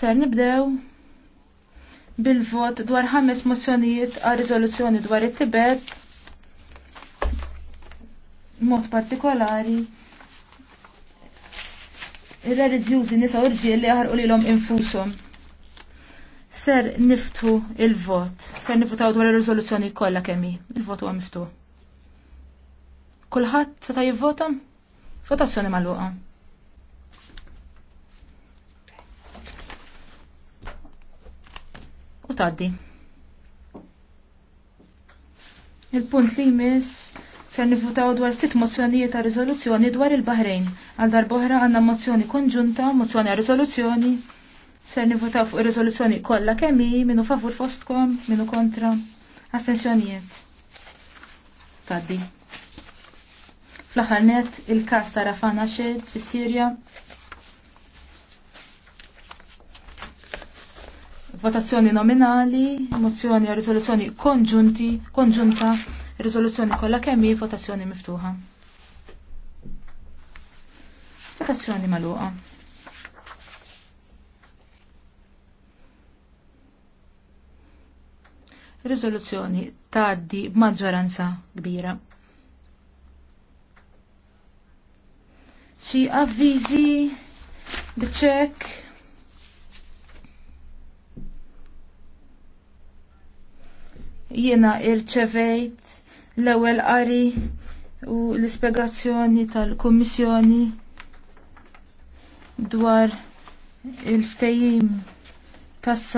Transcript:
Ser nibdew bil-vot dwar ħames mozzjonijiet għal riżoluzzjoni dwar it-Tibet mod partikolari ir-reliġjużi nisa u rġiel li jaħarqu lilhom infushom. Ser niftu il-vot, ser nifutaw dwar ir-riżoluzzjoni kollha kemm il-vot huwa miftuħ. Kulħadd seta' jivvota? Votazzjoni magħluqa. u taddi. Il-punt li jmiss ser nifutaw dwar sitt mozzjonijiet ta' riżoluzzjoni dwar il-Bahrejn. Għal darbohra għandna mozzjoni konġunta, mozzjoni għal riżoluzzjoni. Ser nifutaw fuq ir-riżoluzzjoni kollha kemm hi minnu favur fostkom, minnu kontra. Astensjonijiet. Taddi. Fl-aħħar net il-każ ta' Rafana Xed fis-Sirja votazzjoni nominali, mozzjoni u risoluzzjoni konġunti, konġunta, risoluzzjoni kollha kemm hi votazzjoni miftuħa. Votazzjoni magħluqa. Risoluzzjoni tgħaddi b'maġġoranza kbira. Xi avviżi biċċek Jiena irċevejt l-ewwel qari u l-ispjegazzjoni tal-Kummissjoni dwar il-ftehim tas